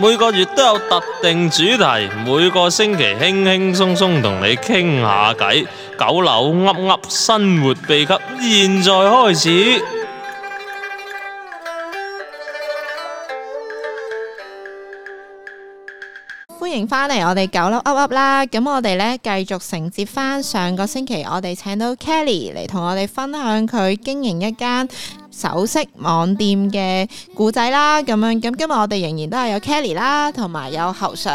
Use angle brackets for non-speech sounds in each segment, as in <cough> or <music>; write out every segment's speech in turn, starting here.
每個月都有特定主題，每個星期輕輕鬆鬆同你傾下偈。九樓噏噏生活秘笈，現在開始。歡迎返嚟我哋九樓噏噏啦，咁我哋呢繼續承接翻上個星期我哋請到 Kelly 嚟同我哋分享佢經營一間。首飾網店嘅故仔啦，咁樣咁今日我哋仍然都係有 Kelly 啦，同埋有，有侯 Sir。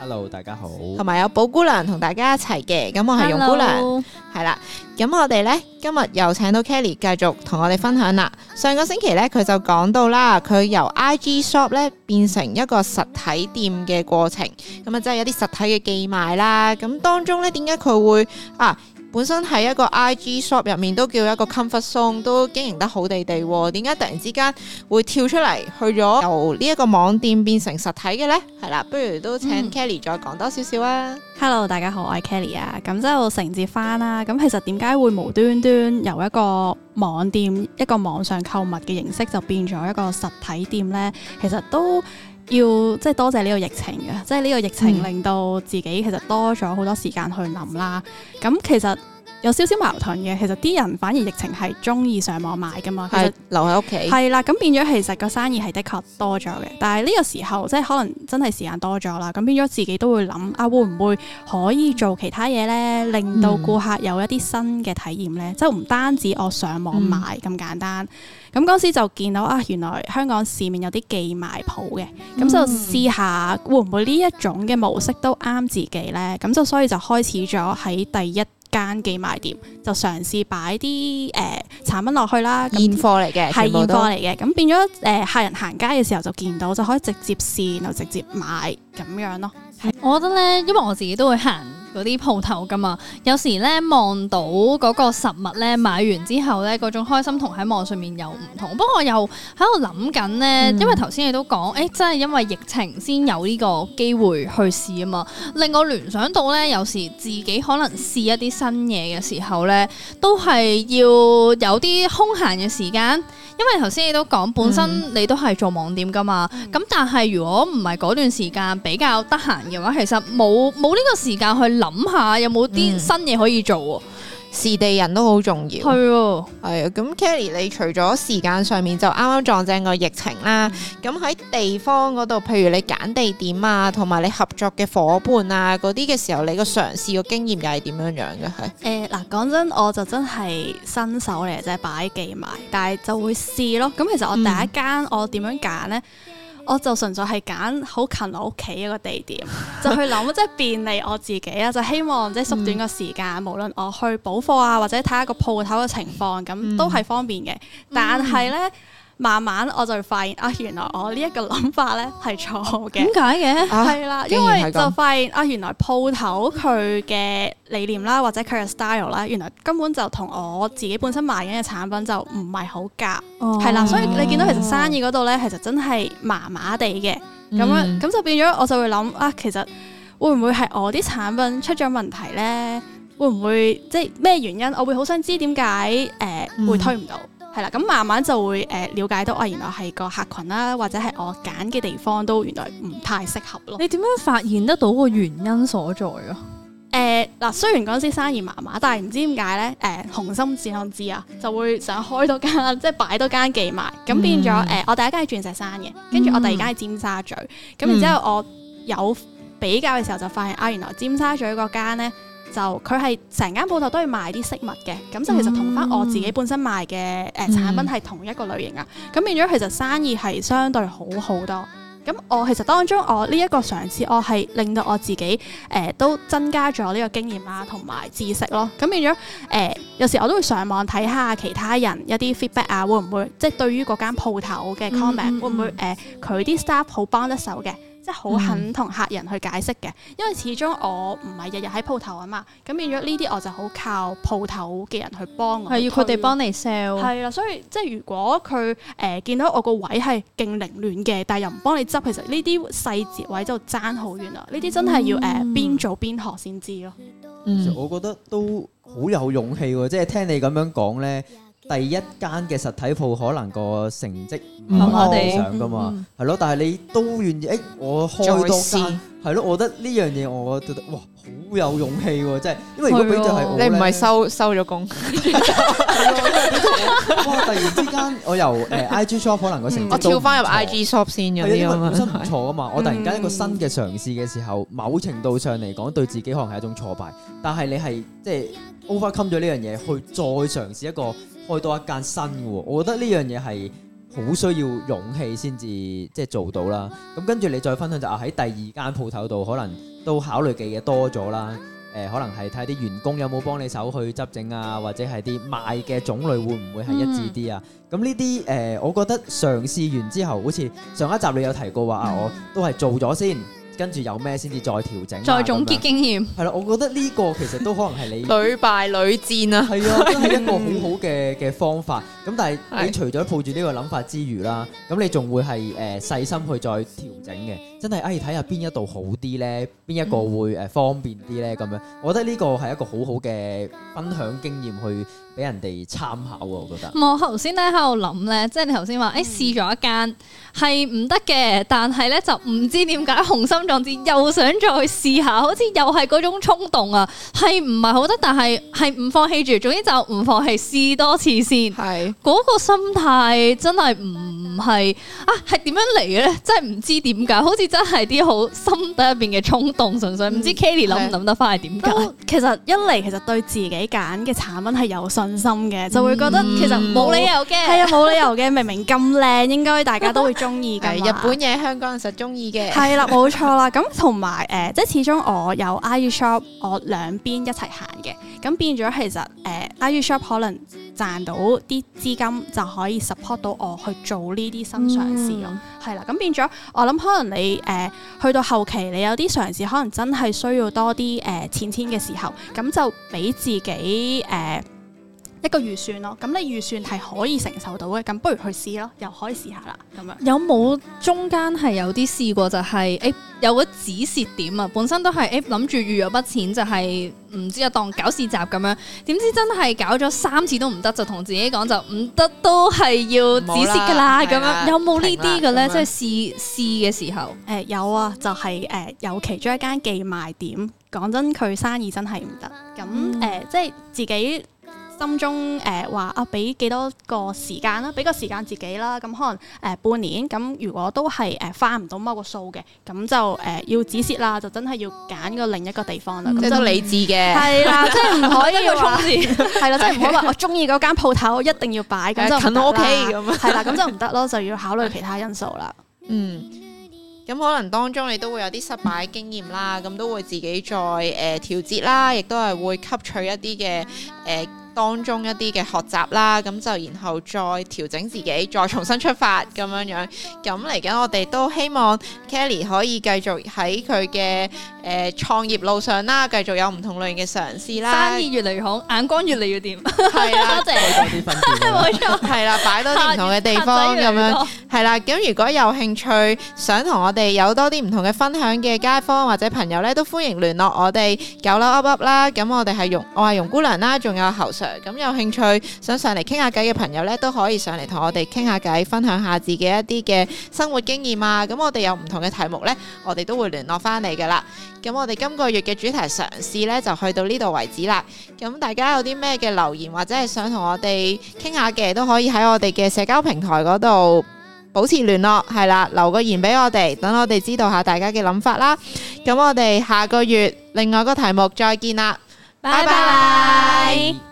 Hello，大家好。同埋有寶姑娘同大家一齊嘅，咁我係容姑娘，係 Hello 啦。咁我哋呢，今日又請到 Kelly 繼續同我哋分享啦。上個星期呢，佢就講到啦，佢由 IG shop 咧變成一個實體店嘅過程，咁啊即係有啲實體嘅寄賣啦。咁當中呢，點解佢會啊？本身喺一個 IG shop 入面都叫一個 comfort zone，都經營得好地地、啊。點解突然之間會跳出嚟去咗由呢一個網店變成實體嘅呢？係啦，不如都請 Kelly 再講多少少啊、嗯、。Hello，大家好，我係 Kelly 啊。咁之後承接翻啦。咁其實點解會無端端由一個網店一個網上購物嘅形式就變咗一個實體店呢？其實都要即係多謝呢個疫情嘅，即係呢個疫情令到自己其實多咗好多時間去諗啦。咁、嗯、其實有少少矛盾嘅，其實啲人反而疫情係中意上網買㗎嘛，留喺屋企係啦。咁變咗，其實個生意係的確多咗嘅。但係呢個時候，即係可能真係時間多咗啦。咁變咗自己都會諗啊，會唔會可以做其他嘢呢？令到顧客有一啲新嘅體驗呢？嗯，即係唔單止我上網買咁、嗯、簡單。咁嗰時就見到啊，原來香港市面有啲寄賣鋪嘅，咁就試下會唔會呢一種嘅模式都啱自己呢？咁就所以就開始咗喺第一間寄賣店就嘗試擺啲誒產品落去啦，現貨嚟嘅，係現貨嚟嘅，咁變咗成誒、呃、客人行街嘅時候就見到，就可以直接試然後直接買咁樣咯。我覺得咧，因為我自己都會行。嗰啲鋪頭㗎嘛，有時咧望到嗰個實物咧，買完之後咧，嗰種開心同喺網上面有唔同。不過又喺度諗緊咧，因為頭先你都講，誒，真係因為疫情先有呢個機會去試啊嘛。令我聯想到咧，有時自己可能試一啲新嘢嘅時候咧，都係要有啲空閒嘅時間。因為頭先你都講，本身你都係做網店㗎嘛。咁但係如果唔係嗰段時間比較得閒嘅話，其實冇冇呢個時間去。諗下有冇啲新嘢可以做時，嗯、地人都好重要，係啊。哦，係啊。咁 Kelly，你除咗時間上面就啱啱撞正個疫情啦。咁喺，嗯、地方嗰度，譬如你揀地點啊，同埋你合作嘅伙伴啊，嗰啲嘅時候，你個嘗試個經驗又係點樣樣嘅？係誒嗱，講，呃、真，我就真係新手嚟啫，擺記埋，但係就會試咯。咁其實我第一間，嗯、我點樣揀呢？我就純粹係揀好近我屋企一個地點， <laughs> 就去諗即係便利我自己啦，就希望即係縮短個時間，嗯、無論我去補貨啊，或者睇下個鋪頭嘅情況，咁都係方便嘅。嗯、但係呢。嗯慢慢我就會發現啊，原來我呢一個諗法咧係錯嘅。點解嘅？係啦、啊，的因為就發現啊，原來鋪頭佢嘅理念啦，或者佢嘅 style 啦，原來根本就同我自己本身賣緊嘅產品就唔係好夾。係啦、哦，所以你見到其實生意嗰度咧，其實真係麻麻地嘅。咁樣咁就變咗，我就會諗啊，其實會唔會係我啲產品出咗問題咧？會唔會即係咩原因？我會好想知點解誒會推唔到。嗯係啦，咁慢慢就會誒瞭解到，啊，原來係個客群啦，或者係我揀嘅地方都原來唔太適合咯。你點樣發現得到個原因所在嘅？誒嗱、呃，雖然嗰陣時生意麻麻，但係唔知點解咧？誒、呃，雄心壯志啊，就會想開多間，即係擺多間寄賣。咁變咗誒、嗯呃，我第一間係鑽石山嘅，跟住我第二間係尖沙咀。咁然之後我有比較嘅時候就發現、嗯、啊，原來尖沙咀個間咧。就佢係成間鋪頭都要賣啲飾物嘅，咁就、mm hmm. 其實同返我自己本身賣嘅誒、呃 mm hmm. 產品係同一個類型啊，咁變咗其實生意係相對好好多。咁我其實當中我呢一個嘗試，我係令到我自己誒、呃、都增加咗呢個經驗啦、啊，同埋知識咯。咁變咗誒、呃，有時我都會上網睇下其他人一啲 feedback 啊，會唔會即係對於嗰間鋪頭嘅 comment，會唔會誒佢、呃、啲 staff 好幫得手嘅？即係好肯同客人去解釋嘅，因為始終我唔係日日喺鋪頭啊嘛，咁變咗呢啲我就好靠鋪頭嘅人去幫我，係是要佢哋幫你 sell。係啦，所以即係如果佢誒、呃、見到我個位係勁凌亂嘅，但係又唔幫你執，其實呢啲細節位就係爭好遠喇！呢啲、嗯、真係要誒、呃、邊做邊學先知咯。嗯、其實我覺得都好有勇氣喎，即係聽你咁樣講咧。第一間嘅實體鋪可能個成績唔係好理想噶嘛，係咯、嗯嗯？但係你都願意誒、欸，我開多間係咯？我覺得呢樣嘢，我覺得哇，好有勇氣喎！真係，因為如果變咗係我咧，你唔係收收咗工。 <laughs> <laughs> <laughs> 哇！突然之間，我由誒 I G shop 可能個成績、嗯，我跳翻入 I G shop 先嗰啲咁樣，真唔錯噶嘛！嗯、我突然間一個新嘅嘗試嘅時候，某程度上嚟講，對自己可能係一種挫敗，但係你係即係。overcome 咗呢樣嘢，去再嘗試一個開多一間新嘅，我覺得呢樣嘢係好需要勇氣先至即係做到啦。咁跟住你再分享就係喺、啊、第二間鋪頭度，可能都考慮嘅嘢多咗啦。誒、呃，可能係睇下啲員工有冇幫你手去執整啊，或者係啲賣嘅種類會唔會係一致啲啊？咁呢啲誒，我覺得嘗試完之後，好似上一集你有提過話啊，我都係做咗先。跟住有咩先至再調整，再總結經驗。係啦，我覺得呢個其實都可能係你屢 <laughs> 敗屢戰啊，係啊，真係一個好好嘅嘅方法。咁但係你除咗抱住呢個諗法之餘啦，咁你仲會係誒細心去再調整嘅，真係誒睇下邊一度好啲呢，邊一個會誒方便啲呢？咁樣。我覺得呢個係一個好好嘅分享經驗去。俾人哋參考喎，我覺得、嗯。我頭先咧喺度諗咧，即係你頭先話，誒、哎、試咗一間係唔得嘅，但係咧就唔知點解雄心壯志又想再試下，好似又係嗰種衝動啊，係唔係好得？但係係唔放棄住，總之就唔放棄試多次先。係，嗰個心態真係唔～唔係啊，係點樣嚟嘅咧？真係唔知點解，好似真係啲好心底入邊嘅衝動純，純粹唔、嗯、知 Kelly 諗唔諗得翻係點解。嗯、其實一嚟，其實對自己揀嘅產品係有信心嘅，就會覺得其實冇、嗯、理由嘅。係、嗯、啊，冇理由嘅，明明咁靚，應該大家都會中意嘅。日本嘢香港人實中意嘅。係、 <laughs> 啊、啦，冇錯啦。咁同埋誒，即係始終我有 i u shop，我兩邊一齊行嘅。咁變咗其實誒，i u shop 可能。賺到啲資金就可以 support 到我去做呢啲新嘗試咯，係啦、嗯，咁變咗我諗，可能你誒、呃、去到後期，你有啲嘗試，可能真係需要多啲誒錢錢嘅時候，咁就俾自己誒。呃一個預算咯，咁、嗯、你預算係可以承受到嘅，咁、嗯、不如去試咯，又可以試下啦，咁樣有冇中間係有啲試過就係、是、誒、欸、有個止蝕點啊，本身都係誒諗住預咗筆錢就係、是、唔知啊當搞試集咁樣，點知真係搞咗三次都唔得，就同自己講就唔得，都係要止蝕噶啦，咁樣有冇呢啲嘅咧？即係試試嘅時候誒、呃、有啊，就係、是、誒、呃、有其中一間寄賣點，講真佢生意真係唔得，咁誒、嗯嗯呃、即係自己。心中誒話啊，俾幾多個時間啦，俾個時間自己啦。咁可能誒半年，咁如果都係誒翻唔到踎個數嘅，咁就誒要止蝕啦，就真係要揀個另一個地方啦。 <laughs> 即係理智嘅，係啦，即係唔可以一衝線，係啦，即係唔可以話我中意嗰間鋪頭，一定要擺，咁 <laughs> 就 O K 咁。係啦、OK，咁就唔得咯，就要考慮其他因素啦。 <laughs> 嗯，咁可能當中你都會有啲失敗經驗啦，咁都會自己再誒、呃、調節啦，亦都係會吸取一啲嘅誒。呃當中一啲嘅學習啦，咁就然後再調整自己，再重新出發咁樣樣。咁嚟緊我哋都希望 Kelly 可以繼續喺佢嘅誒創業路上啦，繼續有唔同類型嘅嘗試啦。生意越嚟越好，眼光越嚟越掂。係啦，整多啲分店，係冇錯。係啦，擺多啲唔同嘅地方咁樣。係啦，咁如果有興趣 <laughs> 想同我哋有多啲唔同嘅分享嘅街坊或者朋友咧，都歡迎聯絡我哋九樓噏噏啦。咁我哋係容我係容姑娘啦，仲有侯咁有興趣想上嚟傾下偈嘅朋友呢，都可以上嚟同我哋傾下偈，分享下自己一啲嘅生活經驗啊！咁我哋有唔同嘅題目呢，我哋都會聯絡翻你噶啦。咁我哋今個月嘅主題嘗試呢，就去到呢度為止啦。咁大家有啲咩嘅留言或者係想同我哋傾下嘅，都可以喺我哋嘅社交平台嗰度保持聯絡，係啦，留個言俾我哋，等我哋知道下大家嘅諗法啦。咁我哋下個月另外個題目再見啦，拜拜 bye。Bye bye